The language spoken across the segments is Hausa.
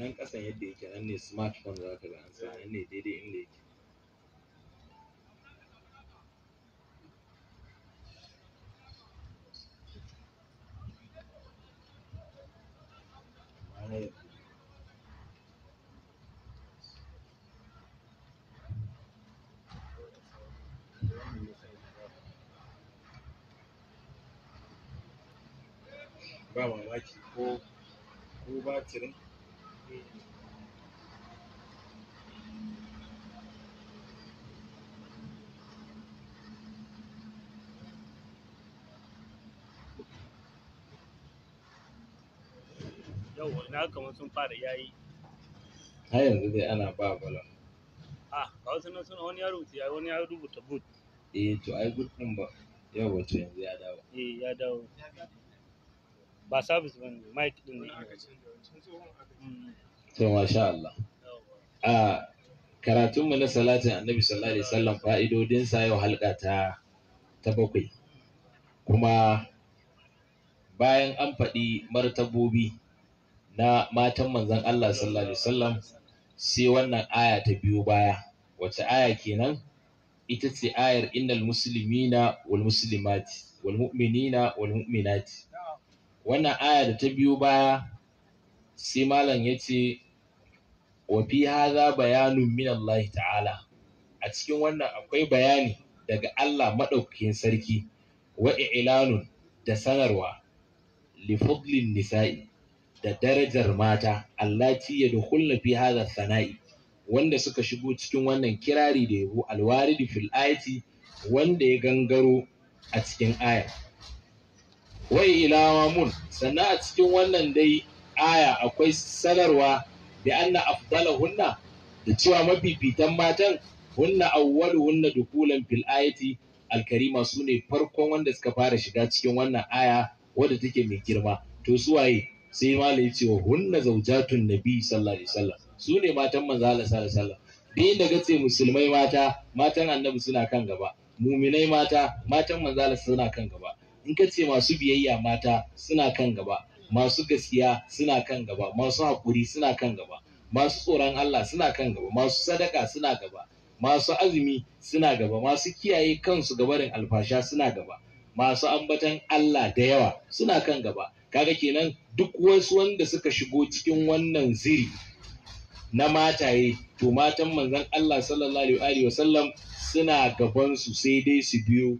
nan kasan yadda yake nan ne smartphone za ka ga an sa ne daidai inda yake ba mamaki ko ko batirin yawa na kamar sun fara yayi yanzu dai ana ba a ah, ga wasu nan suna wani ya rubuta yayi wani ya rubuta boot eh to ai boot din ba yawa to yanzu ya dawo eh ya dawo ba service ba mic din ne hmm. to Allah a ah, karatunmu na salatin annabi sallallahu alaihi wasallam sa yau halka ta ta bakwai kuma bayan an faɗi martabobi na matan manzon Allah sallallahu alaihi wasallam sai wannan aya ta biyo baya wace aya kenan ita ce ayar innal muslimina wal muslimati wal mu'minina wal mu'minati wannan aya da ta biyo baya sai malam yace wa fi hadha bayanun min Allah ta'ala a cikin wannan akwai bayani daga Allah madaukakin sarki wa i'lanun da sanarwa li nisa'i da darajar mata ya yadkhulna fi hadha sana'i wanda suka shigo cikin wannan kirari da yabo alwaridi fil ayati wanda ya gangaro a cikin aya wai ilawa mun sannan a cikin wannan dai aya akwai sanarwa da anna afdala hunna da cewa mafifitan matan hunna awwalu hunna dukulan fil ayati alkarima sune farkon wanda suka fara shiga cikin wannan aya wadda take mai girma to su waye sai mala ya ce wa hunna zaujatun nabi sallallahu alaihi wasallam su ne matan manzo Allah sallallahu alaihi wasallam dai gace musulmai mata matan annabi suna kan gaba muminai mata matan manzo Allah suna kan gaba in ka masu biyayya mata suna kan gaba masu gaskiya suna kan gaba masu haƙuri suna kan gaba masu tsoron Allah suna kan gaba masu sadaka suna gaba masu azumi suna gaba masu kiyaye kansu gabarin alfasha suna gaba masu ambatan Allah da yawa suna kan gaba kaga kenan duk wasu wanda suka shigo cikin wannan ziri na mataye to matan manzon Allah sallallahu alaihi sallam suna gaban su sai dai su biyo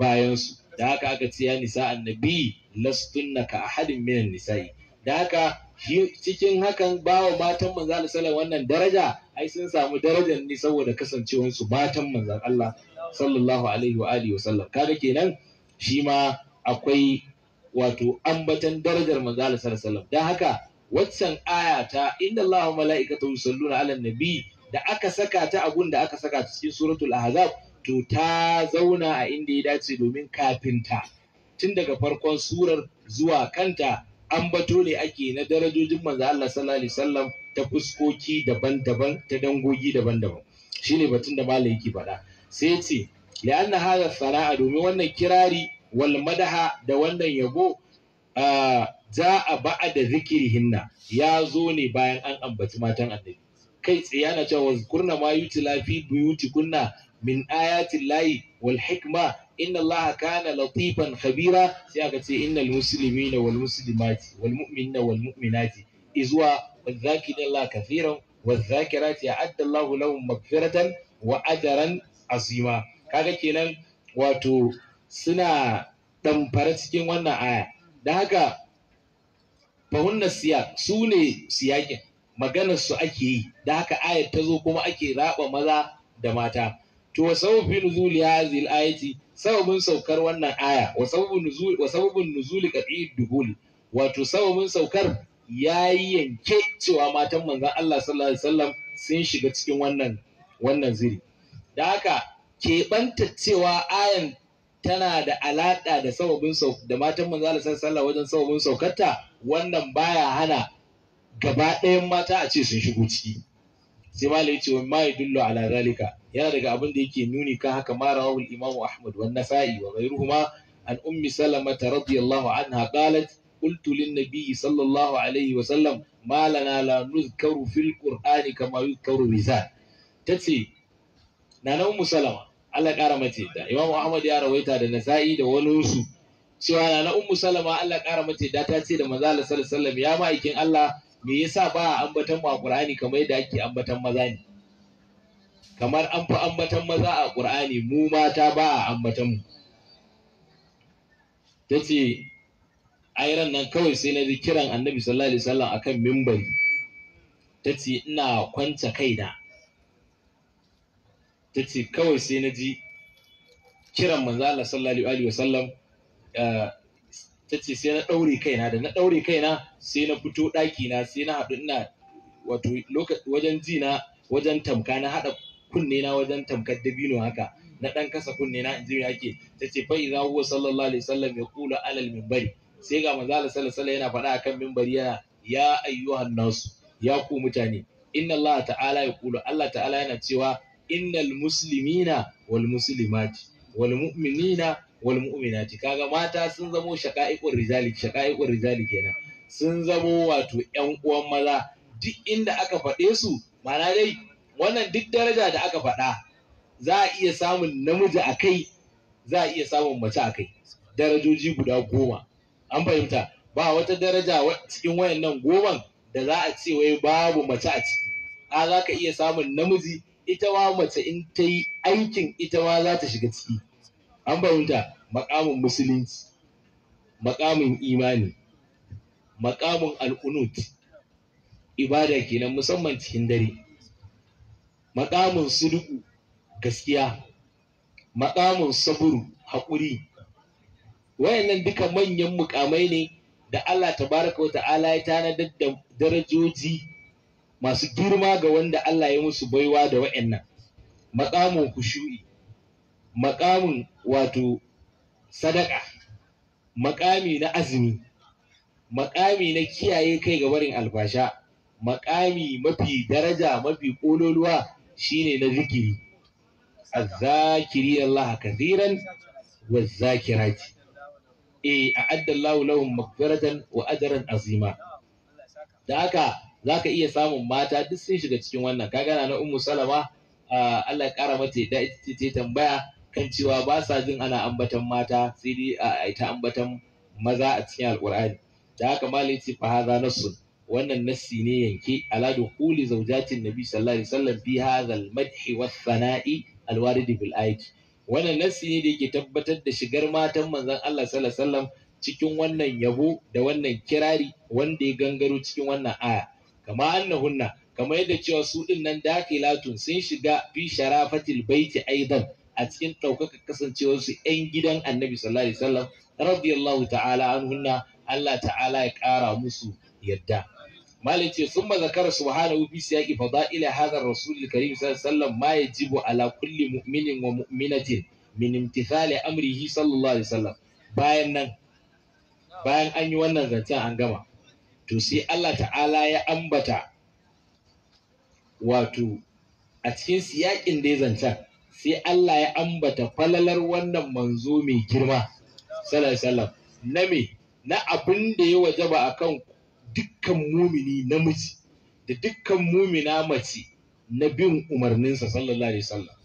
bayan su da haka aka ce ya nisa annabi lastunna ka ahadin minan nisa'i da haka cikin hakan bawa matan manzon Allah sallallahu wannan daraja ai sun samu darajar ne saboda kasancewar su matan manzon Allah sallallahu alaihi wa alihi sallam kaga kenan shi ma akwai wato ambatan darajar manzo Allah sallallahu alaihi dan haka waccan aya ta inna Allahu malaikatu yusalluna 'alan nabi da aka saka ta a da aka saka ta cikin suratul ahzab to ta zauna a inda ya dace domin kafin ta tun daga farkon surar zuwa kanta ambato ne ake na darajojin manzo Allah sallallahu alaihi wasallam ta fuskoki daban-daban ta dangogi daban-daban shine batun da malaiki faɗa sai ce la'anna hadha sana'a domin wannan kirari walmadaha da wannan yabo za a ba'a da zikirihinna ya zo ne bayan an ambaci matan annabi kai tsaye na cewa kurna ma yutila fi buyuti kunna min ayatin layi wal hikma inna allaha kana latifan khabira sai aka ce innal muslimina wal muslimati wal mu'minina wal mu'minati izwa wadhakirina allaha kathiran wadhakirati a'adda allahu lahum maghfiratan wa ajaran azima kaga kenan wato suna ɗamfara cikin wannan aya da haka fahunna siyak su ne siyakin maganar su ake yi da haka ayat ta zo kuma ake raba maza da mata to wa sababin nuzuli ya zil ayati sababin saukar wannan aya wa sababin nuzuli wa sababin nuzuli wato sababin saukar yayi yanke cewa matan manzon Allah sallallahu alaihi wasallam sun shiga cikin wannan wannan ziri da haka keɓanta cewa ayan tana da alaƙa da sababin da matan manzo Allah sallallahu wajen sababin saukarta wannan baya hana gaba ɗayan mata a ce sun shigo ciki sai malai yace wa ma yadullu ala zalika yana daga abin da yake nuni ka haka ma rawahul imamu ahmad wa nasa'i wa ghayruhuma an ummi salama radiyallahu anha qalat قلت للنبي صلى الله عليه وسلم ma lana la nuzkaru fil-qur'ani kama yuzkaru الرزان tace نانا أم سلمة Allah ƙara mace da Imam Ahmad ya rawaita da Nasa'i da walinsu cewa na Ummu Salama Allah ƙara mace da ta ce da manzo Allah sallallahu alaihi wasallam ya ma'aikin Allah me yasa ba a ambatan mu a Qur'ani kamar yadda ake ambatan maza ne kamar an fi ambatan maza a Qur'ani mu mata ba a ambaton mu tace ayran nan kawai sai na ji kiran Annabi sallallahu alaihi wasallam akan mimbari tace ina kwanta kaina ta ce kawai sai na ji kiran manzo Allah sallallahu alaihi wasallam eh, ta ce sai na daure kaina da na daure kaina sai na fito daki na sai na haɗu ina wato wajen ji na wajen tamka na haɗa kunne na wajen tamkar dabino haka na dan kasa kunne na injiri ake ta ce fa idza huwa sallallahu alaihi wasallam ya kula alal minbari sai ga manzo Allah sallallahu alaihi yana faɗa akan minbari yana ya ayyuhan nas ya ku mutane inna Allah ta'ala ya kula Allah ta'ala yana cewa innal muslimina wal muslimati wal mu'minina wal mu'minati kaga mata sun zamo shaqa'iqur rijali shaqa'iqur rijali kenan sun zamo wato ƴan uwan maza duk inda aka faɗe su mana dai wannan duk daraja da aka faɗa za a iya samun namiji a kai za a iya samun mace a kai darajoji guda goma an fahimta ba wata daraja cikin wayannan goman da za a ce wai babu mace a ciki a za ka iya samun namiji ita ma mace in ta yi aikin ita ma za ta shiga ciki an fahimta makamin musulunci makamin imani makamin al'unut ibada kenan musamman cikin dare makamin suduku gaskiya makamin saburu haƙuri wayannan duka manyan mukamai ne da Allah tabaraka wa ta'ala ya tanadar da darajoji masu girma ga wanda Allah ya musu baiwa da wa'annan maƙamun kushu'i maƙamun wato sadaka maƙami na azumi maƙami na kiyaye kai ga barin albasha maƙami mafi daraja mafi ƙololuwa shine na zikiri A zakiri Allah ziran wa zakirati eh a'adda Allahu lahum maghfiratan wa azima da haka za ka iya samun mata duk sun shiga cikin wannan kaga na ummu salama Allah ya kara mata da ita ce tambaya kan cewa ba sa jin ana ambatan mata sai dai a ita ambatan maza a cikin alkur'ani da haka malai ce fa hadha nassun wannan nassi ne yanke ala dukhuli zawjatin nabi sallallahu alaihi wasallam bi hadha madhi was-sana'i al bil ayat wannan nassi ne da yake tabbatar da shigar matan manzon Allah sallallahu alaihi wasallam cikin wannan yabo da wannan kirari wanda ya gangaro cikin wannan aya kama annahunna kama yadda cewa su din nan dakilatun sun shiga fi sharafatil baiti aidan a cikin daukaka kasancewar su 'yan gidan annabi sallallahu alaihi wasallam radiyallahu ta'ala anhunna Allah ta'ala ya kara musu yadda malai ce sun zakara subhanahu fi siyaqi fada'ila hadha ar-rasul karim sallallahu alaihi wasallam ma yajibu ala kulli mu'minin wa mu'minatin min imtithali amrihi sallallahu alaihi wasallam bayan nan an yi wannan zancen an gama to sai Allah ta'ala ya ambata wato a cikin siyakin da ya zancen sai Allah ya ambata falalar wannan manzo mai girma sallallahu na me na abin da ya wajaba akan dukkan mumini namiji da dukkan mumina mace na bin umarninsa sallallahu alaihi wasallam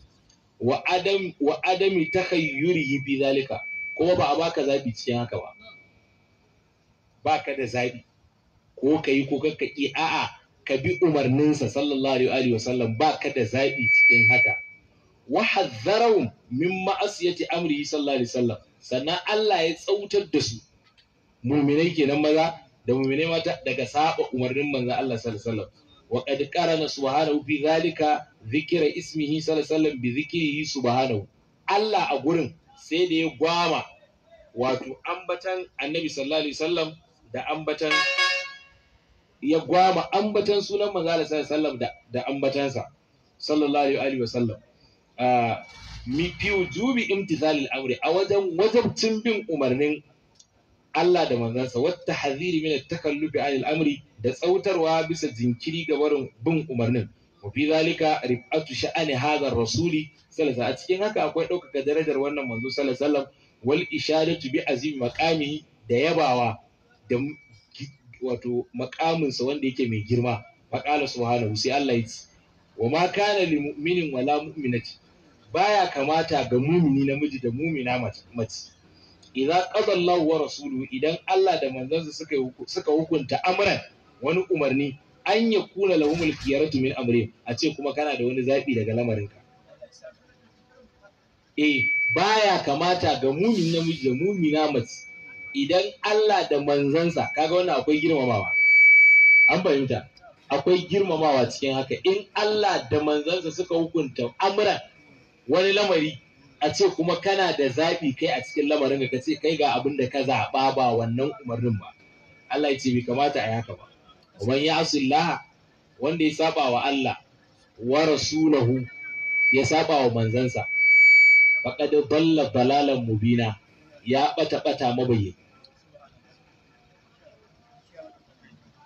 wa adam wa adami takhayyuri bi zalika kuma ba a baka zabi cikin haka ba baka da zabi ko ka yi ko ka ki a'a ka bi umarninsa sallallahu alaihi wasallam ba ka da zaɓi cikin haka wa hadzarahum min ma'asiyati amri sallallahu alaihi wasallam sannan Allah ya tsautar da su mu'minai kenan maza da mu'minai mata daga saba umarnin manzon Allah sallallahu alaihi wasallam wa qad qarana subhanahu fi zalika dhikra ismihi sallallahu alaihi wasallam bi zikrihi subhanahu Allah a gurin sai da ya gwama wato ambatan annabi sallallahu alaihi wasallam da ambatan ya gwama ambatan sunan manzo Allah sallallahu alaihi wasallam da ambatansa sallallahu alaihi wasallam ah, mi fi wujubi imtithalil amri a wajen wajabcin bin umarnin Allah da sa, wata haziri min takallubi alil amri da tsautarwa bisa jinkiri ga barin bin umarnin wa fi zalika rifatu sha'ani hadha rasuli sallallahu a cikin haka akwai ɗaukaka darajar wannan manzo sallallahu wal isharatu bi azim, maqami da yabawa wato makaminsa wanda yake mai girma faƙala subhanahu sai Allah ya ce wa ma kana li mu'minin wala mu'minati baya kamata ga mumini namiji da mumina mace idan qada Allahu wa rasuluhu idan Allah da manzansa suka suka hukunta amran wani umarni an ya kula lahumul khiyaratu min amrin a ce kuma kana da wani zabi daga lamarinka eh baya kamata ga mumin namiji da mumina mace idan Allah da manzansa kaga wannan akwai girmamawa an fahimta akwai girmamawa cikin haka in Allah da manzansa suka hukunta amuran wani lamari a ce kuma kana da zaɓi kai a cikin lamarin ka ce kai ga abin da ka zaɓa ba wannan umarnin ba Allah ya ce bai kamata a yi haka ba Uban ya asullah wanda ya saba wa Allah wa rasulahu ya saba wa manzansa faqad dalla dalalan mubina ya ɓata ɓata mabayi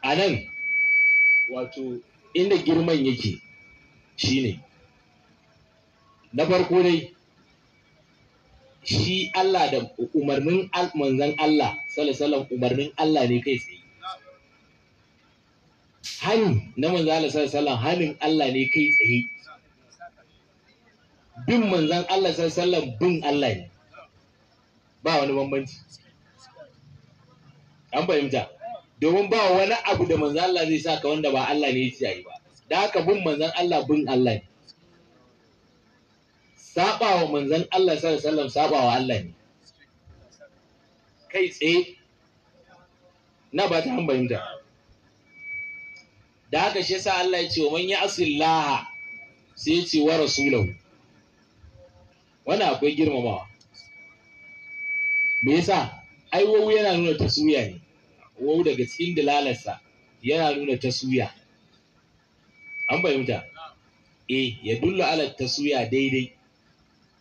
a nan wato inda girman yake shine na farko dai shi Allah da umarnin manzan Allah sallallahu umarnin Allah ne kai tsaye hani na manzan Allah sallallahu hanin Allah ne kai tsaye bin manzan Allah sallallahu bin Allah ne ba wani bambanci an fahimta domin ba wani abu da manzan Allah zai saka wanda ba Allah ne ya yi ba da haka bin manzan Allah bin Allah ne saba wa manzan Allah sallallahu alaihi wasallam saba wa Allah ne kai tsaye na ba ta hanbayinta da haka shi sa Allah ya ce wa man ya'sillaha sai ya ce wa rasulahu wannan akwai girmamawa me yasa ai wau yana nuna taswiya ne Wau daga cikin dalalarsa yana nuna taswiya an fahimta eh ya dulla ala taswiya daidai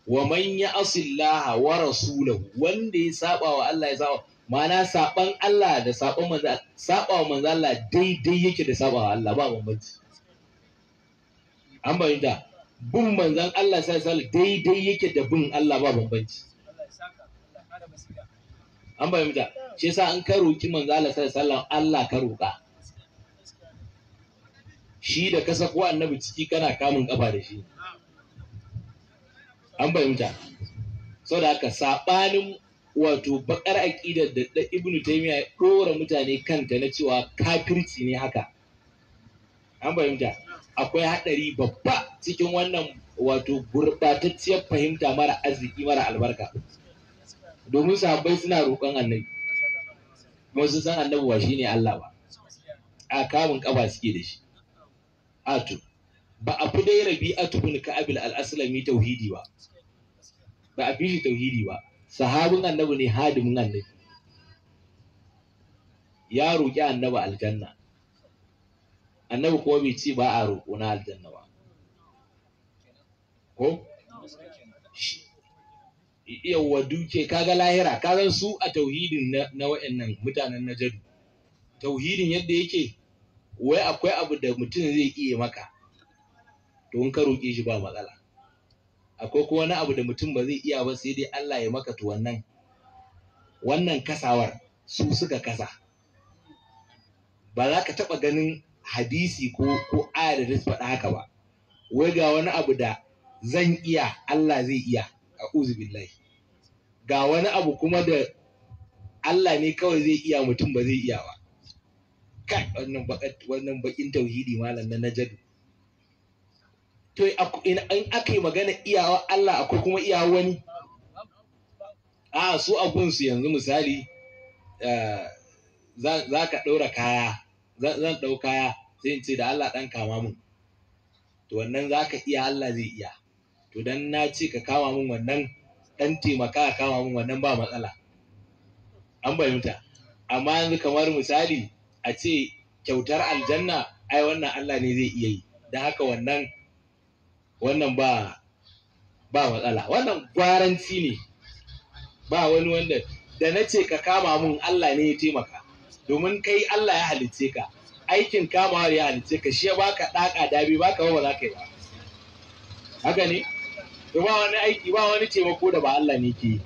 wa man ya asillaha wa rasulahu wanda ya saba wa Allah ya saba ma'ana saban Allah da saban manzo saba wa manzo Allah daidai yake da saba wa Allah ba bambanci an fahimta bin manzon Allah sai sai daidai yake da bin Allah ba bambanci an fahimta shi yasa an ka roki manzo Allah sallallahu alaihi wasallam Allah ka roka shi da ka sako annabi ciki kana kamun kafa da shi an fahimta da haka sabanin wato bakar aƙidar da ibnu taymiya ya ɗora mutane kanta na cewa kafirci ne haka an fahimta akwai haɗari babba cikin wannan wato gurbatacciyar fahimta mara arziki mara albarka domin sahabbai suna roƙon annabi kuma sun san annabi ba shine Allah ba a kamun kafa suke da shi atu ba a fi dai rabi'atu bin ka'abil al-aslami tauhidi ba ba a fi shi tauhidi ba sahabin annabi ne hadimin annabi ya roƙi annabi aljanna annabi kuma bai ce ba a roƙo na aljanna ba ko yawwa duke kaga lahira kaga su a tauhidin na, na wa'annan mutanen najadu tauhidin yadda yake wai akwai abu da mutum zai iya maka to in ka roƙe shi ba matsala akwai kuma wani abu da mutum ba zai iya ba sai dai Allah ya maka to wannan wannan kasawar su suka kasa ba za ka taɓa ganin hadisi ko ko da ta faɗa haka ba wai ga wani abu da zan iya Allah zai iya a'udhu billahi ga wani abu kuma da Allah ne kawai zai iya mutum ba zai iya ba kai wannan wannan bakin tauhidi malam na najadu to in aka yi magana iyawa Allah akwai kuma iyawa wani a su abunsu yanzu misali eh, za ka ɗaura kaya zan ɗau kaya sai in ce da Allah ɗan kama mun to wannan za ka iya Allah zai iya to dan na ce ka kama min wannan dan taimaka ka kama min wannan ba matsala an fahimta amma yanzu kamar misali a ce kyautar aljanna ai wannan Allah ne zai iya yi da haka wannan wannan ba ba matsala wannan gwaranci ne ba wani wanda da na ce ka kama mun Allah ne ya taimaka domin kai Allah ya halicce ka aikin kamawar ya halicce ka shi ya baka daka dabi baka ba za ka yi ba haka ne ba wani aiki ba wani taimako da ba Allah ne ke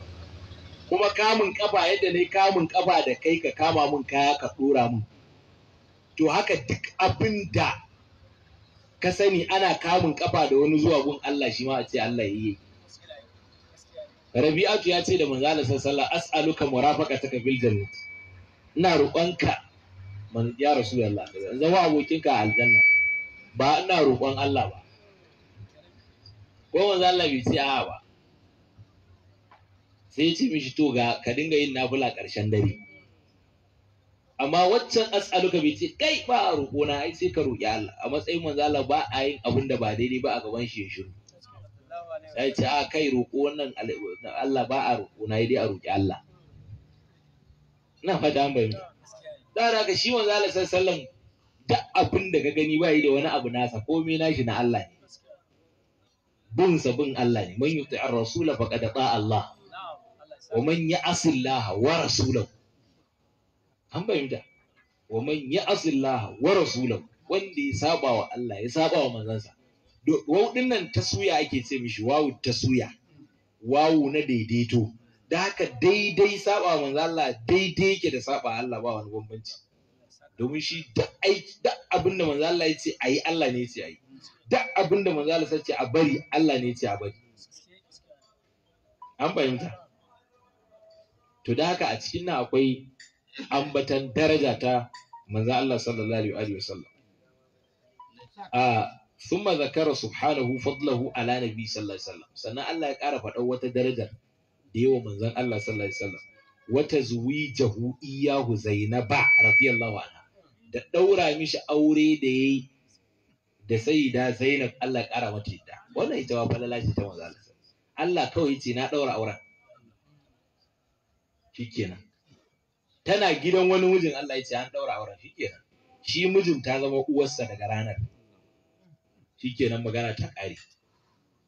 kuma kamun kafa yadda ne kamun kafa da kai ka kama mun kaya ka dora mun to haka duk abin da ka sani ana kamun kafa da wani zuwa gun Allah shi ma a ce Allah yi Rabi'atu ya ce da manzo Allah sallallahu as'aluka murafaqataka fil jannah ina roƙonka man ya rasulullah zama abokinka a aljanna ba ina roƙon Allah ba ko manzo Allah bai ce a'a ba sai ya ce mishi to ga ka dinga yin nafila ƙarshen dare amma waccan as'aluka bai ce kai ba a roƙona ai sai ka roƙi Allah a matsayin manzo Allah ba a yin abin da ba daidai ba a gaban shi ya shiru sai ce a kai roƙo wannan Allah ba a roƙo na dai a roƙi Allah ina fada an bayyana da haka shi manzo Allah sallallahu alaihi wasallam duk abin da ka gani ba yi da wani abu nasa komai nashi na Allah ne bin sa bin Allah ne man yuti ar-rasula faqad ta'a Allah wa man ya'si Allah wa rasulahu an bayyana wa man ya'si Allah wa rasulahu wanda ya saba wa Allah ya saba wa manzansa wau din nan tasuya ake ce mishi wawu tasuya wawu na daidaito da haka daidai saba manzo Allah daidai yake da saba Allah ba wani bambanci domin shi duk abin da manzo Allah ya ce ayi Allah ne ya ce ayi Da abinda da manzo Allah ce a bari Allah ne ce a bari an fahimta to da haka a cikin nan akwai ambatan daraja ta manzo Allah sallallahu alaihi wa sallam a thumma zakara subhanahu fadlahu ala nabi sallallahu alaihi wasallam sannan Allah ya ƙara faɗa wata darajar da yawa manzon Allah sallallahu alaihi wasallam wata jahu iyahu zainaba radiyallahu anha da ɗaura mishi aure da yayi da da Zainab Allah kara mata yadda wannan ita wa falala ce ta manzo Allah Allah kawai yace na daura auren shikenan tana gidan wani mijin Allah yace an daura auren shikenan shi mijin ta zama uwarsa daga ranar shikenan magana ta kare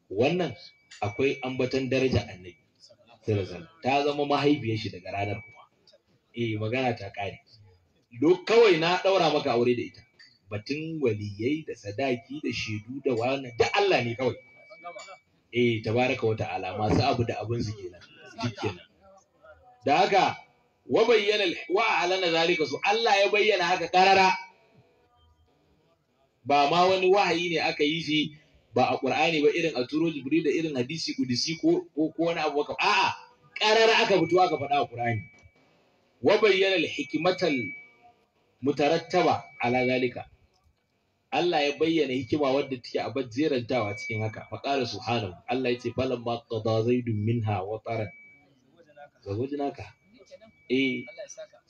wannan akwai ambaton daraja annabi ta zama mahaifiyar shi daga ranar kuma eh magana ta kare duk kawai na daura maka aure da ita batun waliyai da sadaki da shaidu da wani da Allah ne kawai eh tabaraka wa ta'ala masu abu da abin su kenan kenan da haka wa bayyana wa alana zalika su Allah ya bayyana haka karara ba ma wani wahayi ne aka yi shi ba a Qur'ani ba irin a turo da irin hadisi kudisi ko ko wani abu haka a'a karara aka fito aka faɗa a Qur'ani wa bayyana al-hikmatal mutarattaba ala zalika Allah ya bayyana hikima wadda take a jerantawa cikin haka qala subhanahu Allah yace falam ma qada zaidun minha wa taran zawajnaka eh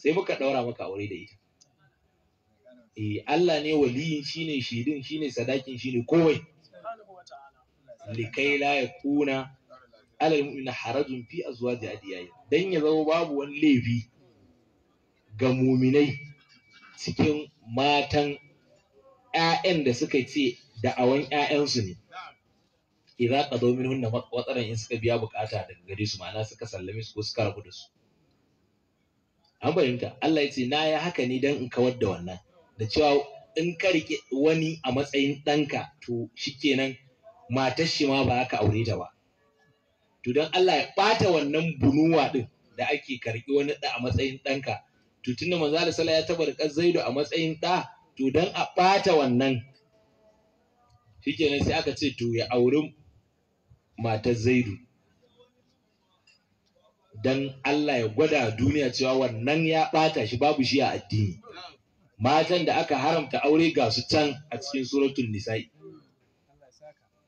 sai muka daura maka aure da ita eh Allah ne waliyin shine shidin shine sadakin shine kowai likai la yakuna alal mu'mina harajun fi azwaji adiyai dan ya zama babu wani laifi ga muminai cikin matan ‘ya'yan da suka ce da da'awan ‘ya'yansu ne. idza ka zo min hunna watsaran in suka biya bukata daga gare su ma'ana suka sallame su ko suka rabu da su. An fahimta Allah ya ce na ya haka ne don in kawar da wannan da cewa in ka riƙe wani a matsayin ɗanka to shikenan matar shi ma ba ka aure ta ba. To don Allah ya ɓata wannan bunuwa ɗin da ake karɓi wani ɗa a matsayin ɗanka. To tunda manzo Allah ya taɓa riƙar Zaidu a matsayin ɗa to dan a ɓata wannan shikenan sai aka ce to ya auri matar zaidu don Allah ya gwada duniya cewa wannan ya ɓata shi babu shi a addini matan da aka haramta aure ga su can a cikin suratul nisa'i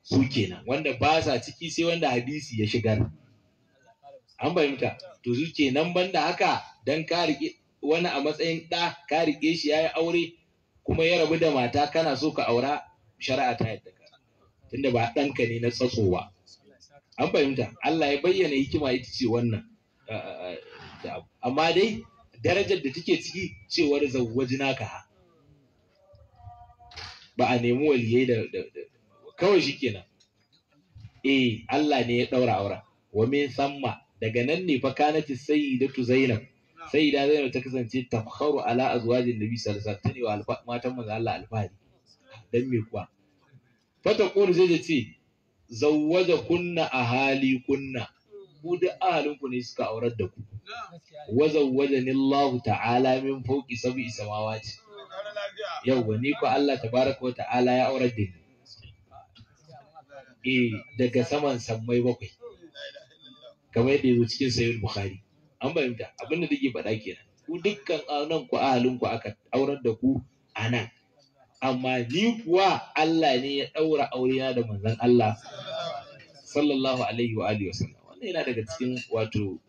su kenan wanda ba sa ciki sai wanda hadisi ya shigar an fahimta to su kenan banda haka dan kare wani a matsayin ɗa ka riƙe shi ya yi aure kuma ya rabu da mata kana so ka aura shari'a ta yadda ka tunda ba ɗanka ne na tsatsowa ba an fahimta Allah ya bayyana hikima ita ce wannan amma dai darajar da take ciki cewar zawwajina ka ha ba a nemi waliyai da kawai shi kenan eh Allah ne ya ɗaura aura wa min samma daga nan ne fa kanati sayyidatu zainab sai da zainab ta kasance tafkharu ala azwajin nabi sallallahu alaihi wasallam tani wa matan manzo Allah alfahari dan me kuwa fata qul zai ce zawwaja kunna ahali kunna ku da ahalin ku ne suka aurar da ku wa zawwajani Allah ta'ala min fawqi sab'i samawati ba ni ku Allah tabaraka wa ta'ala ya aurar da ni eh daga saman sammai bakwai kamar yadda yazo cikin sahih bukhari an fahimta abin da take faɗa kenan ku dukkan nan ku ahalin ku aka aurar da ku a nan amma ni kuwa Allah ne ya ɗaura aurena da manzon Allah sallallahu alaihi wa alihi wasallam wannan yana daga cikin wato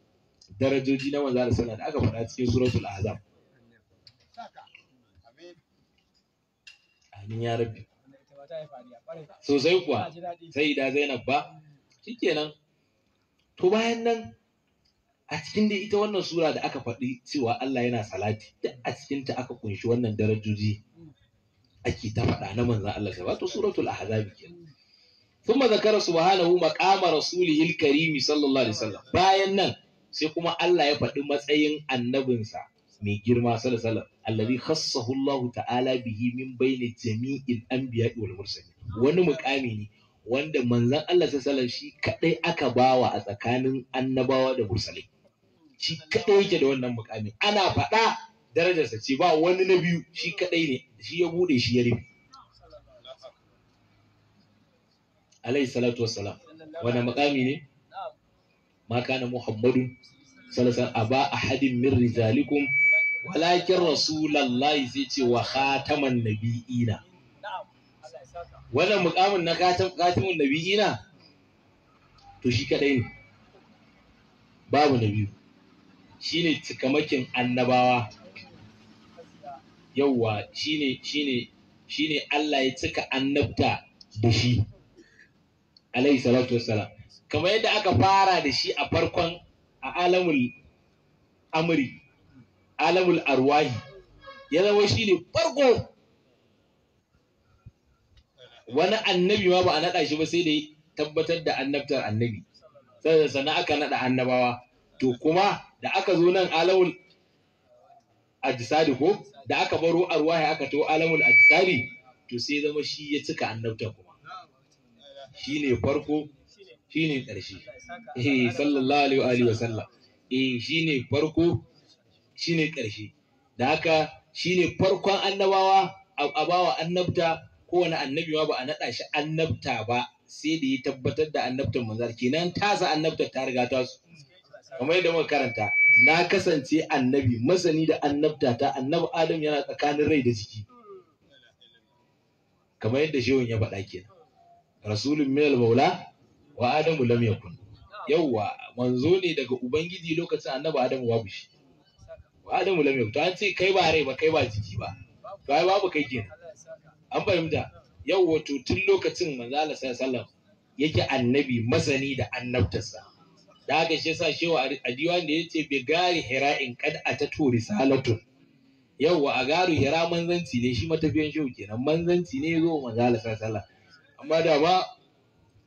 darajoji na manzon Allah da aka faɗa cikin suratul azab amin ya rabbi sosai kuwa sai da zainab ba shikenan to bayan nan a cikin dai ita wannan sura da aka faɗi cewa Allah yana salati da a cikin ta aka kunshi wannan darajoji ake ta faɗa na manzon Allah sai wato suratul ahzab kenan thumma zakara subhanahu maqama rasulihil karimi sallallahu alaihi wasallam bayan nan sai kuma Allah ya faɗi matsayin annabinsa mai girma sallallahu alaihi wasallam allazi khassahu Allah ta'ala bihi min baini jami'il anbiya wal mursalin wani mukami ne wanda manzon Allah sallallahu alaihi wasallam shi kadai aka bawa a tsakanin annabawa da mursalai shi kaɗai yake da wannan mukami ana faɗa darajarsa ce ba wani na biyu shi kaɗai ne shi ya buɗe shi ya rufe alayhi salatu wassalam wani mukami ne ma kana muhammadun salasan aba ahadin min rijalikum walakin rasulallahi zai ce wa khataman nabiyina wannan mukamin na khatamun nabiyina to shi kadai ne babu na biyu shine cikamakin annabawa yauwa shine shine shine Allah ya cika annabta da shi alayhi salatu wassalam kamar yadda aka fara da shi a farkon a alamul amri alamul arwahi ya zama shine farko wani annabi ma ba a naɗa shi ba sai dai tabbatar da annabtar annabi da sana aka naɗa annabawa to kuma da aka zo nan alamul ajisadi ko da aka baro arwahi aka to alamul ajisadi to sai zama shi ya cika annabta kuma shi ne farko shi ne ƙarshe eh sallallahu alaihi wa sallam eh shi ne farko shi ne ƙarshe da haka shi ne farkon annabawa a bawa annabta kowane annabi ma ba a naɗa shi annabta ba sai da ya tabbatar da annabtar manzar kenan tasa annabtar ta riga su. kamar yadda muka karanta na kasance annabi masani da annabta ta annabi adam yana tsakanin rai da jiki kamar yadda shehun ya faɗa kenan rasulun mil maula wa adamu lam yakun Yauwa manzo ne daga ubangiji lokacin annabi adamu babu shi wa adamu lam yakun ta an ce kai ba rai ba kai ba jiki ba to ai babu kai kenan an fahimta yawwa to tun lokacin manzo sallallahu alaihi wasallam yake annabi masani da annabtarsa da haka shi yasa shi a diwan da yace bi gari hira in kad atatu risalatun yawwa a garu hira manzanci ne shi matafiyan shehu kenan manzanci ne zo manzala sallallahu amma da ba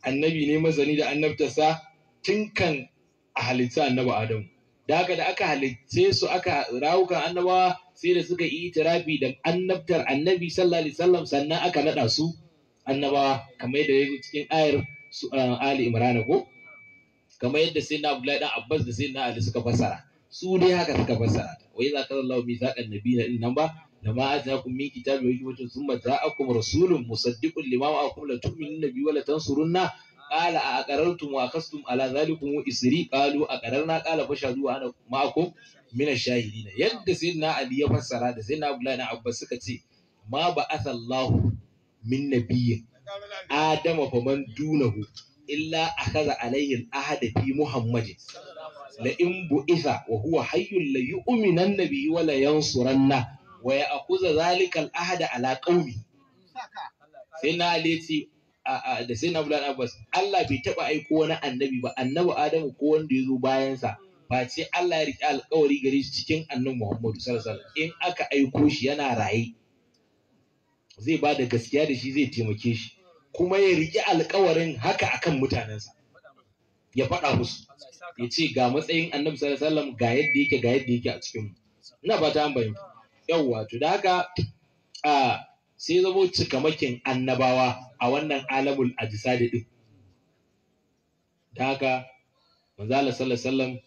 annabi ne masani da annabtarsa tun kan a halitta annabi Adam Da haka da aka halitce su aka rawukan annabawa sai da suka yi itirafi da annabtar annabi sallallahu alaihi wasallam sannan aka nada su annabawa kamar yadda yake cikin ayar su ah, Ali Imran ko kamar yadda sai na Abdullahi dan Abbas da sai na Ali suka fassara su dai haka suka fassara ta wai za ka zallahu bi zaqan nabiyina din nan ba da ma atakum min kitabi wa hikmatin thumma ja'akum rasulun musaddiqun lima ma'akum la tu'minunna bi wa la tansurunna qala a aqarartum wa akhastum ala zalikum isri qalu aqararna qala fashadu wa ana ma'akum min ash-shahidin yadda na Ali ya fassara da sayyidina Abdullahi dan Abbas suka ce ma ba'atha Allahu min nabiyyin adama faman dunahu illa a kaza alayhin ahad fi muhammadi la in bu'itha wa huwa hayyun la yu'minu annabi wa la yansuranna wa ya'khudha zalika al-ahad ala qawmi sai na ali ce da sai na bulan abbas Allah bai taba aiko wani annabi ba annabi adamu ko wanda ya zo bayansa face Allah ya rike alƙawari gare shi cikin annabi Muhammadu sallallahu alaihi wasallam in aka aiko shi yana raye zai ba da gaskiya da shi zai taimake shi kuma ya riƙi alƙawarin haka akan mutanensa ya faɗa musu ya ce ga matsayin annabi sallallahu alaihi wasallam ga yadda yake ga yadda yake a cikin mu ina fata ta bayyana yawwa to da haka a sai zamo cikamakin annabawa a wannan alamul ajsadi din da haka manzo sallallahu alaihi wasallam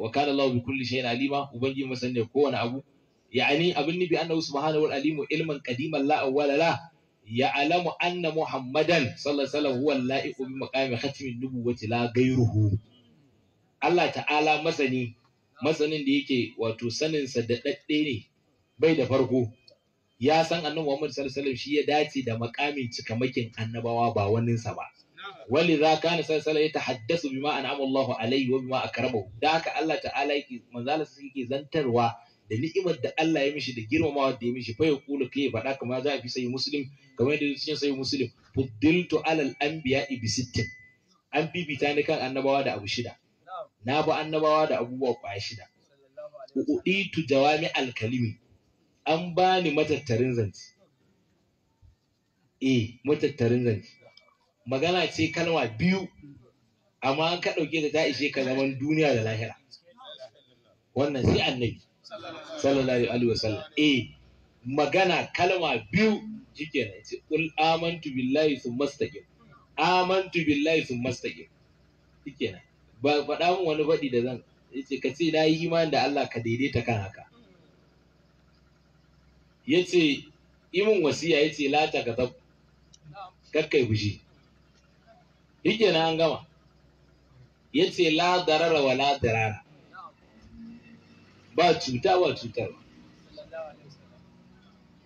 wa kana Allah bi kulli shay'in alima ubangiji masan ne kowane abu ya'ani abin nufi annahu subhanahu wa alimu ilman qadiman la awwala la ya alamu anna muhammadan sallallahu alaihi huwa la'iqu bi maqami la gairuhu Allah ta'ala masani masanin da yake wato sanin sa da dadde ne bai da farko ya san annabi Muhammad sallallahu alaihi shi ya dace da makamin cikamakin annabawa ba wanin sa ba wali za kana sallallahu alaihi tahaddasu bima an'ama Allahu alaihi wa bima akramahu da haka Allah ta'ala yake manzala yake zantarwa da ni'imar da Allah ya mishi da girmamawa da ya mishi fa ya kula kai faɗa kamar za a fi sai muslim kamar yadda cikin sai muslim fuddiltu alal anbiya bi sittin an bibita ni kan annabawa da abu shida na ba annabawa da abubuwa kwaya shida uditu jawami alkalimi an bani matattarin zance eh matattarin zance magana ce kalma biyu amma an ka ɗauke da ta ishe ka zaman duniya da lahira wannan sai annabi sallallahu alaihi wasallam eh magana kalma biyu na ce kul amantu billahi thumma astaqim amantu billahi thumma jike na ba faɗa mun wani faɗi da zan yace ka ce na yi imani da Allah ka daidaita kan haka yace imin wasiya yace la ta ka kakkai fushi na an gama yace la darara wa la darara ba cuta ba cutarwa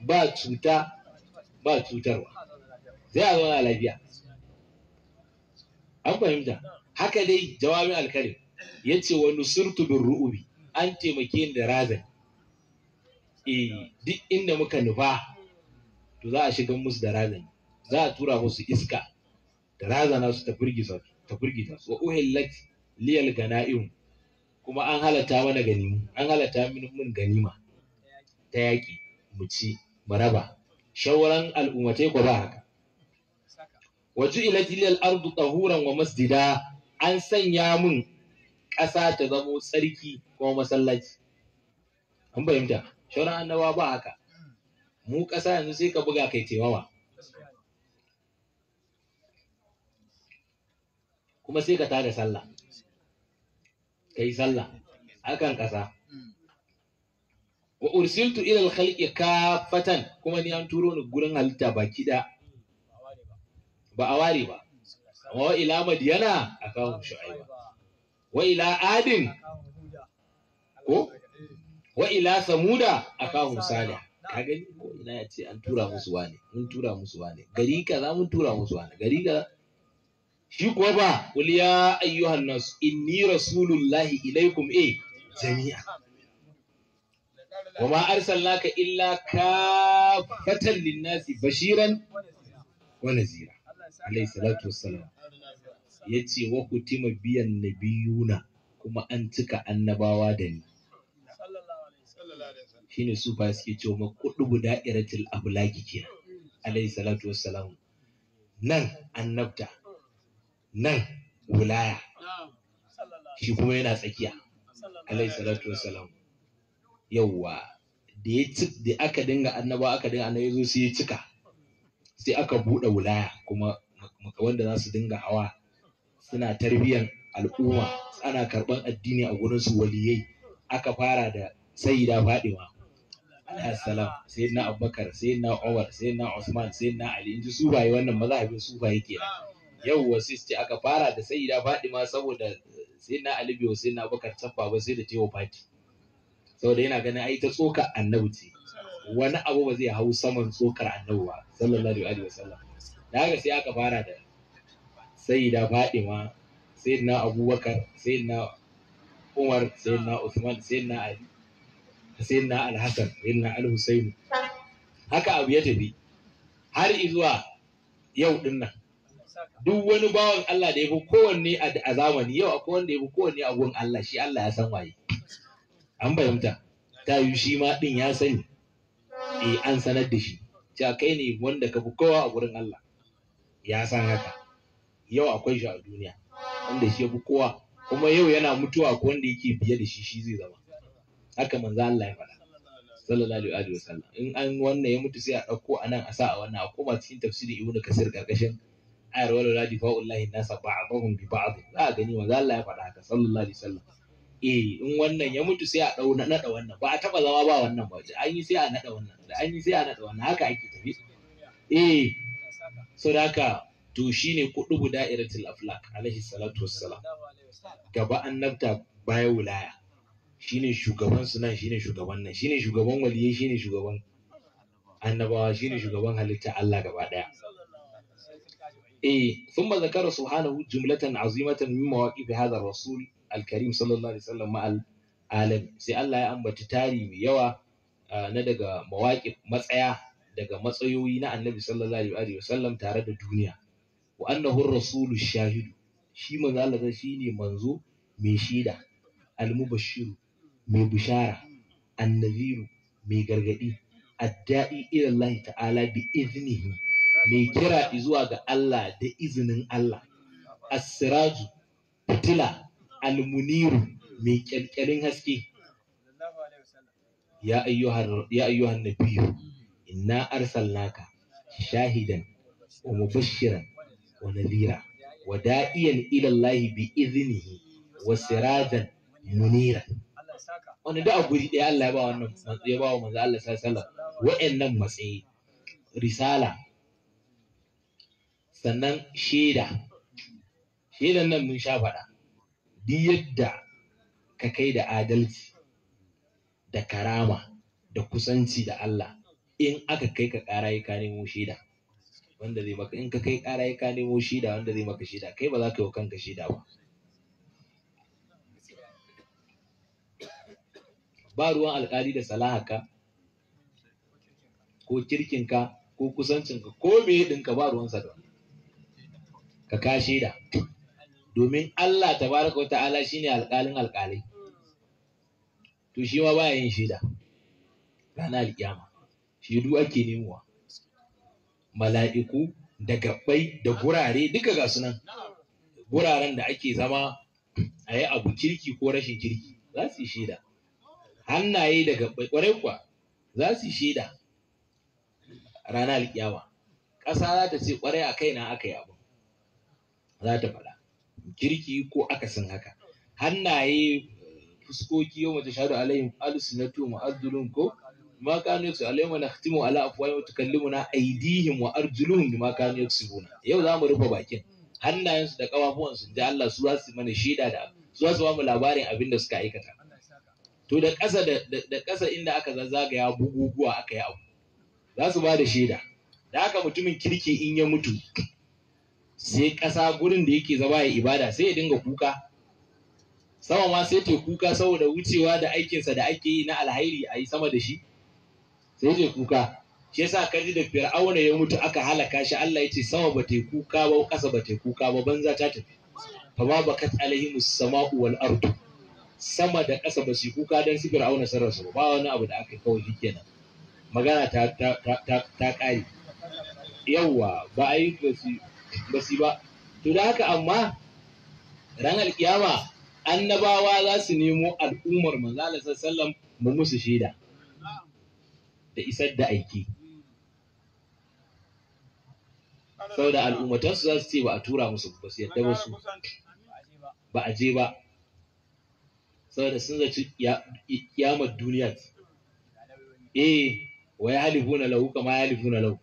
ba cuta ba cutarwa zai a zauna lafiya an fahimta haka dai jawabin alkalim ya ce wani surtu bin ru'ubi an taimake da razan E, eh, duk inda muka nufa to za a shiga musu da razan za a tura musu iska da razana su ta firgita su wa uhillat liyal gana'im kuma an halatta mana ganimu an halatta min ganima ta yaƙi mu ci mu raba shauran al'ummatai ko ba haka waju ila tilal ardu tahuran wa masjida an sanya mun ƙasa ta zamo tsarki kuma masallaci an fahimta shawaran annawa ba haka mu ƙasa yanzu sai ka buga kai taimawa kuma sai ka tada sallah ka yi sallah akan ƙasa hmm. wa ursiltu ila al-khalqi kafatan kuma ni an turo ni gurin halitta baki da ba a ware ba wa ila madiyana hu shu'aiba wa ila adin ko wa ila samuda hu salih ka gani ko ina ya ce an tura musu wane mun tura musu wane gari kaza mun tura musu wane gari kaza shi kuwa ba wuli ya ayyuhan nas inni rasulullahi ilaikum e jami'a Kuma ma arsalnaka illa ka fatan linnasi bashiran wa nazira alayhi salatu wassalam yace wa kutima biyan nabiyuna kuma an cika annabawa da ni shine su ba suke cewa ma kudubu da'iratul ablaki kenan alayhi salatu wassalam nan annabta nan wilaya shi kuma yana tsakiya alaihi salatu wassalam yawwa da ya ci da aka dinga annaba aka dinga annaba yazo sai ya cika sai aka bude wilaya kuma wanda za su dinga hawa suna tarbiyan al'umma ana karban addini a gurin su waliyai aka fara da sayyida fadima salam sai abubakar sai umar sai usman sai na ali in ji su yi wannan mazhabin su baye kenan Yau wasu ce aka fara da sayyida Fadima saboda sai na alibi wa sai na Bakar Taffa ba sai da Tewo Fati saboda yana ganin ai ta tsoka annabi ce wani abu ba zai hau saman tsokar annabi ba sallallahu alaihi sallam da haka sai aka fara da sayyida Fadima na Abubakar na Umar usman sai na Ali sai na hasan sai na alhusaini haka abu ya tafi har izuwa yau din nan duk wani bawan Allah da ya fi kowanne a zamani yau akwai wanda ya fi kowanne a gun Allah shi Allah ya san waye an fahimta ta yi shi ma din ya sani eh an sanar da shi cewa kai ne wanda ka fi kowa a gurin Allah ya san haka yau akwai shi a duniya wanda shi ya fi kowa kuma yau yana mutuwa ko wanda yake biye da shi shi zai zama haka manzo Allah ya faɗa sallallahu alaihi wa sallam in an wannan ya mutu sai a ɗauko a nan a sa a wannan a koma cikin tafsirin ibnu kasir karkashin ayar wala la difa'u wallahi nasa ba'dhum bi ba'd la gani manzo Allah ya faɗa haka sallallahu alaihi wasallam eh in wannan ya mutu sai a dau na nada wannan ba a taba zama ba wannan ba an yi sai a nada wannan da an yi sai a nada wannan haka ake tafi eh so da haka to shine kudubu da'iratul aflak alaihi salatu wassalam gaba annabta baya wulaya shine shugaban su nan shine shugaban nan shine shugaban waliyyi shine shugaban annabawa shine shugaban halitta Allah gaba daya إيه ثم ذكر سبحانه جملة عظيمة من مواقف هذا الرسول الكريم صلى الله عليه وسلم مع العالم سي الله يا أم بتتاري ميوا ندق مواقف مسعيا دق مسعيوين النبي صلى الله عليه وسلم تارد الدنيا وأنه الرسول الشاهد شي من الله شيني منزو ميشيدا المبشر مبشارة النذير مي الدائي إلى الله تعالى بإذنه mai kira zuwa ga Allah da izinin Allah as-siraju fitila Almuniru mai kyalkyalin haske ya ayyuhan ya ayyuhan nabiyyu inna arsalnaka shahidan wa mubashiran wa nadhira wa da'iyan ila Allah bi idnihi wa sirajan munira Wani da a guri ɗaya Allah ya ba wannan ya ba wa manzo Allah sallallahu alaihi wasallam wa'annan matsayi risala sannan shaida shaidan nan mun sha faɗa duk yadda ka kai da adalci da karama da kusanci da Allah in aka kai ka ƙara ka nemo shaida wanda zai maka in ka kai ƙara ka nemo shaida wanda zai maka shaida kai ba za ka yi wa kanka shaida ba ba ruwan alƙali da salahaka ko kirkinka ko kusancinka ko ɗin ɗinka ba ruwansa da wani ka ka da domin Allah tabaraka wata'ala shine alƙalin alƙalai to shi ma baya yin shaida ranar alƙiyama shaidu ake nemuwa mala'iku da gabbai da gurare duka ga nan guraren da ake zama a yi abu kirki ko rashin kirki za su yi shaida hannaye da gabbai ƙwarai kuwa za su yi shaida rana alƙiyama ƙasa za ta ce ƙwarai a kaina aka yi abu za ta faɗa kirki ko akasin haka hannaye fuskoki yau mata shaɗu alayhim alusinatu mu'azzulun ko ma kanu yaksu alayhim hatimu ala afwahi wa tukallimuna aidihim wa arjuluhum bima kanu buna yau za mu rufe bakin hannayensu da kafafuwansu da Allah su za su mana shaida da su za su ba mu labarin abin da suka aikata to da ƙasa da ƙasa inda aka zazzagaya buguguwa aka yi abu za su ba da shaida da haka mutumin kirki in ya mutu sai ƙasa gurin da yake zama ya ibada sai ya dinga kuka sama ma sai ta kuka saboda wucewa da aikinsa da ake yi na alhairi a yi sama da shi sai ta kuka shi yasa kaji da fir'auna ya mutu aka halaka shi Allah ya ce sama ba ta kuka ba ƙasa ba ta kuka ba banza ta tafi fama bakat alaihimus sama'u wal ardu sama da ƙasa ba su kuka don su fir'auna sararsa ba wani abu da aka kawai shi magana ta ƙare yawwa ba a yi ba su ba su ba to da haka amma ran alkiyama annabawa za su nemo al'ummar manzo sallam mu musu shaida da isar da aiki saboda al'ummatansu za su ce ba a tura musu ba su yadda ba su ba a je ba da sun zaci kiyamar duniya eh wa ya na lau kama ya halifuna lau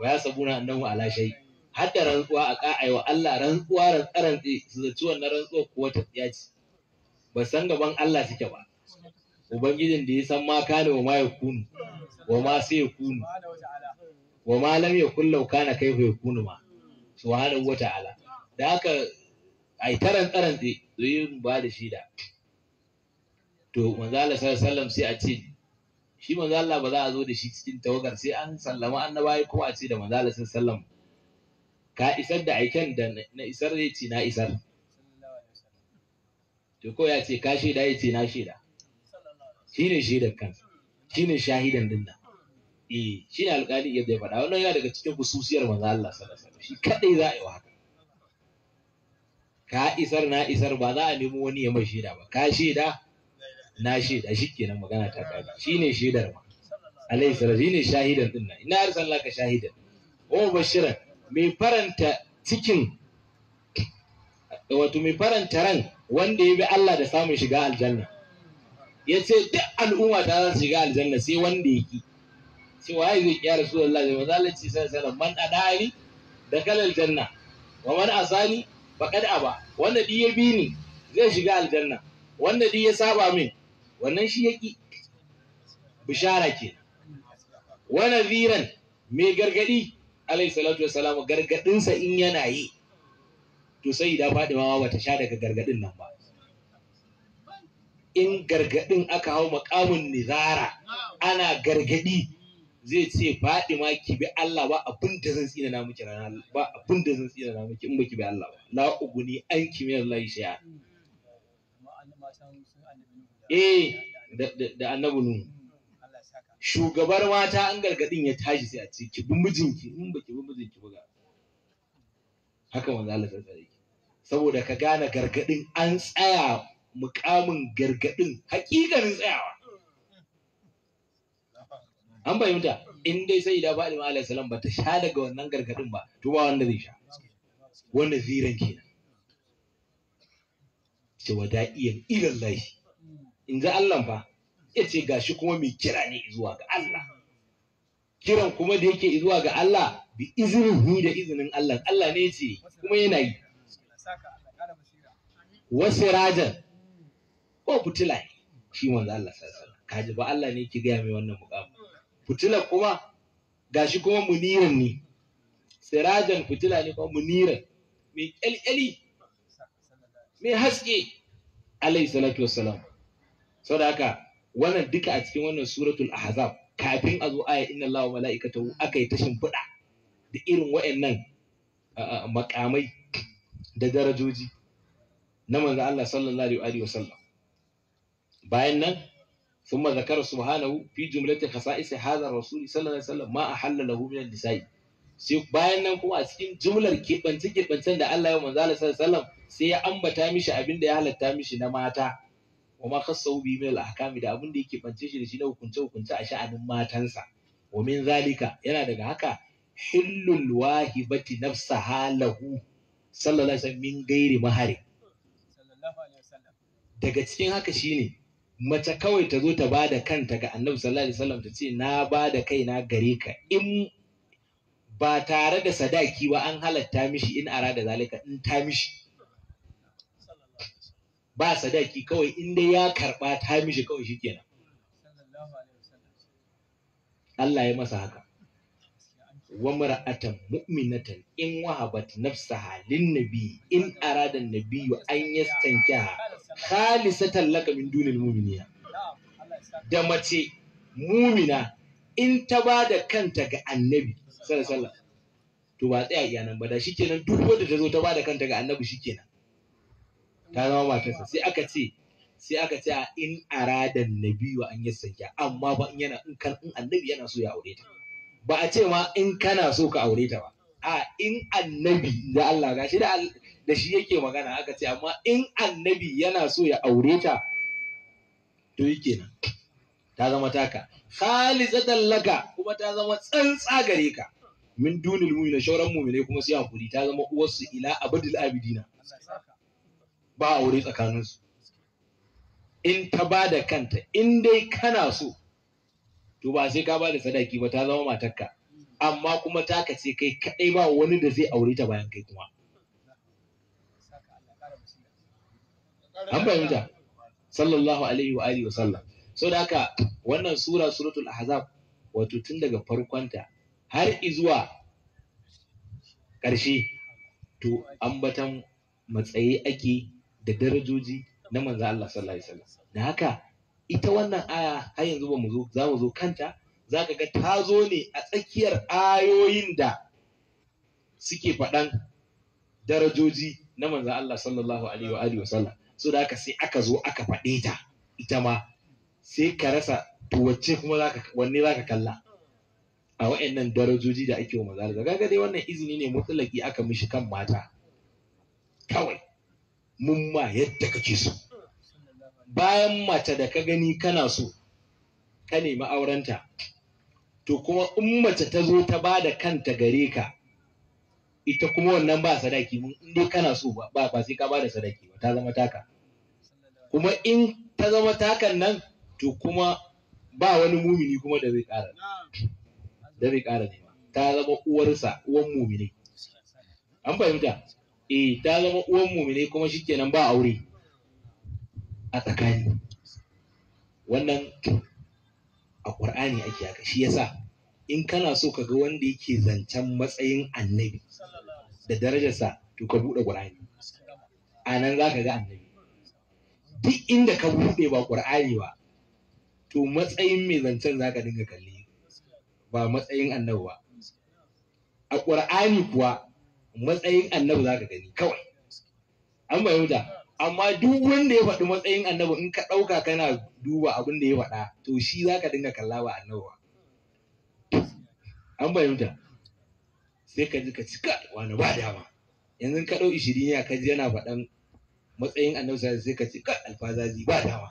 wa ya sabuna annahu ala shay hatta rantsuwa a ka'ai wa Allah rantsuwa rantsaran su zaci wannan rantsuwa kuwa ta tsiya ce ba san gaban Allah suke ba ubangijin da ya san ma kana wa ma ya kunu wa ma sai ya kunu wa ma lam ya kullau kana kai ya kunu ma subhanahu wata'ala da haka ai taran tsaran tsi yin ba da shida to manzo Allah sallallahu alaihi sai a ce shi manzo Allah ba za a zo da shi cikin tawagar sai an sallama annabawa kuma a ce da manzo Allah sallallahu alaihi ka isar da aiken da na isar ya ce na isar to ko ya ce ka shaida ya ce na shaida shine shaidan kansa shine shahidan dinna. eh shi ne alƙali yadda ya faɗa wannan yana daga cikin hususiyar manzo Allah sallallahu alaihi wasallam shi kadai za a yi wa haka ka isar na isar ba za a nemi wani ya mai shaida ba ka shaida na shaida shikenan magana ta Shi ne shaidar ma alaihi shi ne shahidan dinna, nan ina arsalaka shahidan o bashiran mai faranta cikin wato mai faranta ran wanda ya bi Allah da samun shiga aljanna ya ce duk al'umma ta za su shiga aljanna sai wanda ya ki sai ya zai kiya rasulullahi da mazalaci sai sai man adani da kalal janna wa man asani kada aba wanda di ya bi ni zai shiga aljanna wanda di ya saba min wannan shi ya ki bishara ke Wannan ziran mai gargadi alaihi salatu wa Salamu, gargadinsa in yana yi to sai da fadimawa bata sha daga gargadin nan ba in gargadin aka hau makamin nizara ana gargadi zai ce fadima ki bi Allah ba abin da zan tsina na miki rana ba abin da zan tsina na miki in baki bi Allah ba la uguni an ki min Allah ya. eh da annabi nuhu shugabar mata an gargadin ya tashi sai a ce ki bi mijinki in ki bi mijinki ba haka wanda Allah tsare ki saboda ka gane gargadin an tsaya mukamin gargadin hakikanin tsayawa an fahimta in dai sai da ma alaihi salam ba ta sha daga wannan gargadin ba to ba wanda zai sha wanda ziran kenan ce wada'iyan ilallahi in ji Allah fa ya ce gashi kuma mai kira ne zuwa ga Allah kiran kuma da yake zuwa ga Allah bi ni da izinin Allah Allah ne ce kuma yana yi wasu rajan ko fitila ne shi wanda Allah sallallahu kaji ba Allah ne ki gaya mai wannan muƙam fitila kuma gashi kuma muniran ne sirajan fitila ne kuma muniran mai kyalkyali mai haske alayhi salatu wassalam da haka wannan duka a cikin wannan suratul ahzab kafin a zo aya inna allaha mala'ikatahu aka yi ta shimfiɗa da irin wa'annan makamai da darajoji na manzo Allah sallallahu alaihi wa sallam bayan nan ثم ذكر سبحانه في جملة خصائص هذا الرسول صلى الله عليه وسلم ما أحل له من النساء sai bayan nan kuma a cikin jumlar keɓance keɓancen da Allah ya manzo Allah sallallahu alaihi wasallam sai ya ambata mishi abinda ya halatta mishi na mata Kuma ma sau bi mai al da abin da yake bance shi da shi na hukunce hukunce a sha'anin matansa wa zalika yana daga haka hillul wahibati nafsa halahu sallallahu alaihi wasallam min gairi mahari daga cikin haka shine mace kawai ta zo ta ba da kanta ga annabi sallallahu alaihi wasallam ta ce na ba da kaina gare ka in ba tare da sadaki ba an halatta mishi in arada zalika in ta mishi ba sadaki kawai in dai ya karɓa ta mishi kawai shi kenan Allah ya masa haka wa mar'atan mu'minatan in wahabat nafsaha lin nabi in arada nabi an yastankiha khalisatan laka min dunil mu'minina da mace mumina in ta ba da kanta ga annabi sallallahu to ba tsaya iya nan ba da shikenan duk wanda ta zo ta ba da kanta ga annabi shikenan ta zama matarsa sai aka ce sai aka ce a in aradan wa an yi amma ba in yana in kan in annabi yana so ya aure ta ba a ce ma in kana so ka aure ta ba a in annabi da Allah gashi da da shi yake magana aka ce amma in annabi yana so ya aure ta to yake nan ta zama taka khalizatan laka kuma ta zama tsantsa gare ka min dunil mu'mina shauran mu'mine kuma sai hakuri ta zama uwarsu ila abadul abidina ba aure tsakaninsu in ta ba da kanta in dai kana so to ba sai ka ba da sadaki ba ta zama matarka amma kuma ta ce kai kaɗai ba wani da zai aure ta bayan kai kuma an fahimta sallallahu alaihi wa alihi wa sallam so da haka wannan sura suratul ahzab wato tun daga farkonta har zuwa ƙarshe to ambatan matsayi ake da darajoji na manzo Allah sallallahu alaihi wasallam da haka ita wannan aya har yanzu ba mu zo za mu zo kanta za ka ga ta zo ne a tsakiyar ayoyin da suke faɗan darajoji na manzo Allah sallallahu alaihi wasallam so da haka sai aka zo aka faɗe ta ita ma sai ka rasa to wacce kuma zaka wanne zaka kalla a wa'annan darajoji da ake wa manzo Allah ga dai wannan izini ne mutlaki aka mishi kan mata kawai mun ma yadda kake so bayan mace da ka gani kana so ka nemi aurenta to kuma in mace ta zo ta ba da kanta gare ka ita kuma wannan ba sadaki in dai kana so ba ba sai ka ba da sadaki ba ta zama taka kuma in ta zama takan nan to kuma ba wani mumini kuma da zai ƙara da zai ƙara nema ta zama uwarsa uwan mumini an fahimta eh ta zama uwan mu ne kuma shikenan ba aure a tsakani wannan a ƙur'ani ake haka shi yasa in kana so ka ga wanda yake zancen matsayin annabi da darajarsa to ka buɗe ƙur'ani a nan za ka ga annabi duk inda ka buɗe ba ƙur'ani ba to matsayin mai zancen za ka dinga kalli ba matsayin annabi ba a ƙur'ani kuwa matsayin annabi za ka gani kawai an fahimta amma duk wanda ya faɗi matsayin annabi in ka ɗauka kana duba abin da ya faɗa to shi za ka dinga kalla ba annabi an fahimta sai ka ji ka cika wani ba dama yanzu ka ɗau ishirin ya ka ji yana faɗan matsayin annabi sai ka cika, ka alfazazi ba dama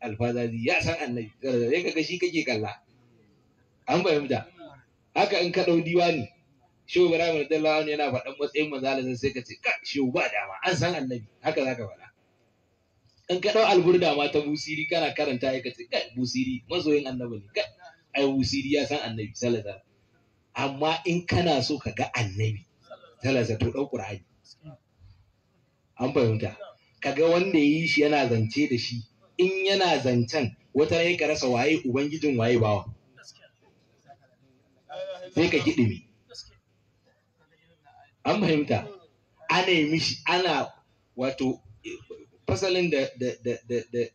alfazazi ya san annabi sai ka ga shi kake kalla an fahimta haka in ka ɗau diwani shi da radiyallahu anhu yana faɗan matsayin manzo Allah sai ka ce ka shi ba dama an san annabi haka zaka faɗa in ka dau alburda ma ta busiri kana karanta ai ka ce ka busiri masoyin annabi ne ka ai busiri ya san annabi sallallahu alaihi amma in kana so ka ga annabi sallallahu alaihi to dau qur'ani an fahimta kaga wanda yi shi yana zance da shi in yana zancen wata rai ka rasa waye ubangijin waye bawa sai ka kiɗime an fahimta ana yi mishi ana wato fasalin da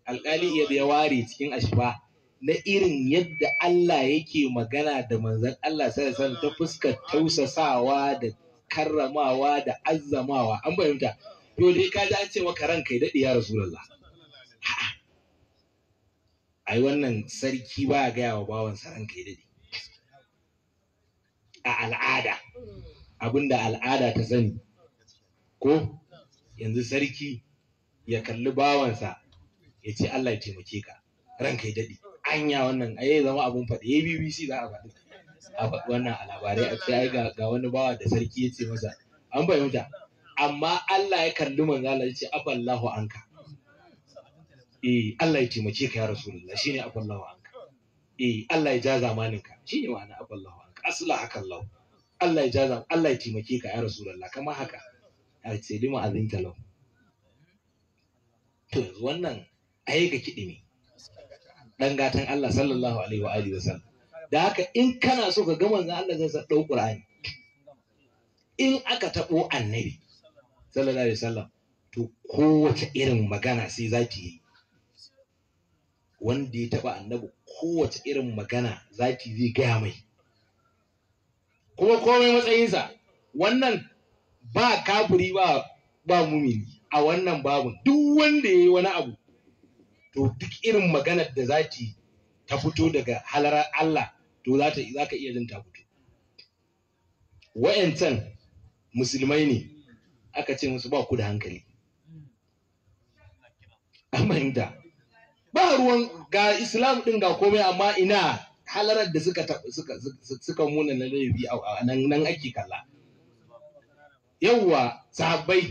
alkali iya da ya ware cikin ashifa na irin yadda Allah yake magana da manzan Allah sallallahu ta fuskar tausasawa da karramawa da azzamawa an fahimta to dai ka ji an ce maka ranka ya daɗe ya rasulullah ai wannan sarki ba gaya wa bawansa ranka ya a al'ada abin da al'ada ta sani ko yanzu sarki ya kalli bawansa ya ce Allah ya taimake ka ranka ya daɗe anya wannan ai zama abun faɗi ya BBC za a faɗi a faɗi wannan a labarai a sai ga ga wani bawa da sarki ya ce masa an fahimta amma Allah ya kalli manzo Allah ya ce afallahu anka eh Allah ya taimake ka ya rasulullah shine afallahu anka eh Allah ya ja zamaninka shine wani afallahu anka aslahakallahu Allah ya jaza Allah ya taimake ka ya rasulullah kamar haka a ce dima azin talau to yanzu wannan ayi ga kiɗi ne dan gatan Allah sallallahu alaihi wa alihi wasallam da haka in kana so ka ga manzon Allah zai sa dau Qur'ani in aka tabo annabi sallallahu alaihi wasallam to kowace irin magana sai za ki yi wanda ya taba annabi kowace irin magana za ki zai gaya mai kuma komai matsayinsa wannan ba kafuri ba ba mumini a wannan babu. duk wanda ya yi wani abu to duk irin maganar da za ta fito daga halarar Allah to za ka iya jin ta fito wa'yancan musulmai ne aka ce musu ba ku da hankali an fahimta ba ruwan ga islam din ga komai amma ina halarar da suka suka muna na laifi a nan nan ake kalla yawwa sahabbai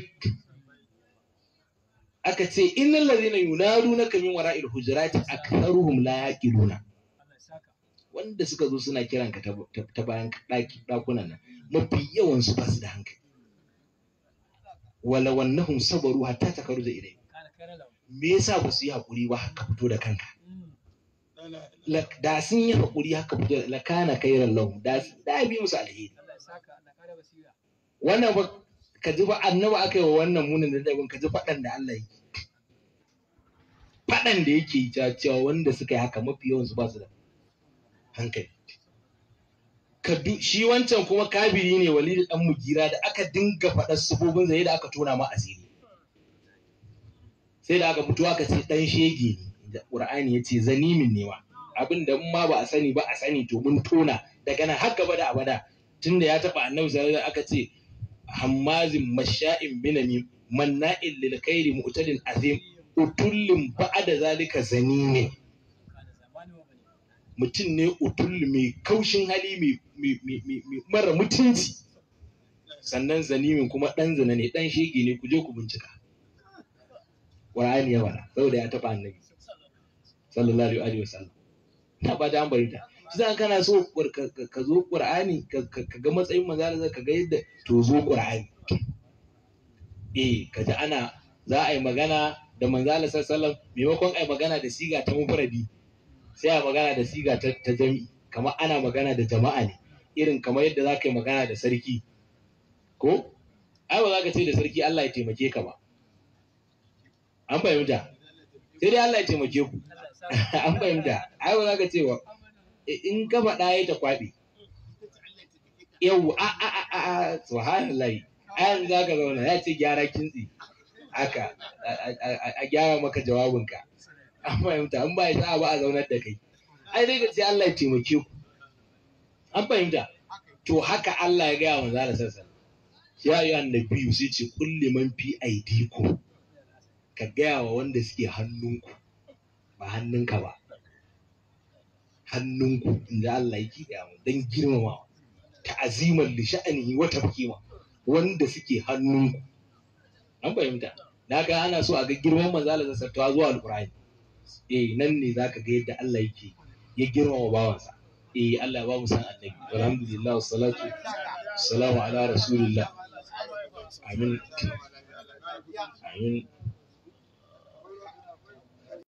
aka ce innal ladina yunaruna kamin wara'il hujurati aktharuhum la yaqiluna wanda suka zo suna kiran ka ta bayan ɗakunan nan mafi yawan su ba su da hankali wala wannahum sabaru hatta takaru da ilai me yasa ba su yi hakuri ba ka fito da kanka da sun yi haƙuri haka da la kana kairan lahum da da bi musu alheri wannan ba ka ji ba annaba aka yi wa wannan munin da dabin ka ji faɗan da Allah yi faɗan da yake yi cewa wanda suka yi haka mafi yawan su ba su da hankali shi wancan kuma kabiri ne walidi dan mugira da aka dinga faɗar sufofin zai da aka tona ma asiri sai da aka fito aka ce dan shege ne Qur'ani ya ce zanimin newa abin da ma ba a sani ba a sani to mun tona daga nan har gaba da abada tunda ya taba annabi sallallahu aka ce hammazin masha'in binami manna'in lil khairi mu'tadin azim utullin ba'ada zalika zanime mutum ne utul mai kaushin hali mai mara mutunci sannan zanimin kuma ɗan zina ne ɗan shege ne ku je ku bincika ƙwararri ya wala saboda ya taɓa annabi sallallahu alaihi wa sallam na ba an bari ta shi zan kana so ka zo qur'ani ka ga matsayin manzo ka ga yadda to zo qur'ani eh ka ji ana za a yi magana da sallallahu alaihi sallallahu maimakon a yi magana da siga ta mufradi sai a magana da siga ta jami'i kamar ana magana da jama'a ne irin kamar yadda za ka yi magana da sarki ko ai ba za ka ce da sarki Allah ya taimake ka ba an fahimta sai dai Allah ya taimake ku an fahimta ai ba za ka cewa in ka faɗa ya ta kwaɓe yau a a a a subhanallahi ayan za ka zauna ya ce gyara kintsi aka a gyara maka jawabinka an fahimta an ba ya sa'a ba a zaunar da kai ai dai ka ce Allah ya taimake ku an fahimta to haka Allah ya gaya manzo Allah sallallahu ya yi annabi sai ce kulli man fi aidiku ka gaya wa wanda suke hannunku ba hannunka ba hannunku in ji Allah ya da mu dan ta ta'aziman da sha'ani wa tafkima wanda suke hannunku an fahimta na ga ana so a ga girman manzo Allah ta zuwa alqur'ani eh nan ne zaka ga yadda Allah yake ya girmama bawansa eh Allah ba mu san annabi alhamdulillah wassalatu wassalamu ala rasulillah amin amin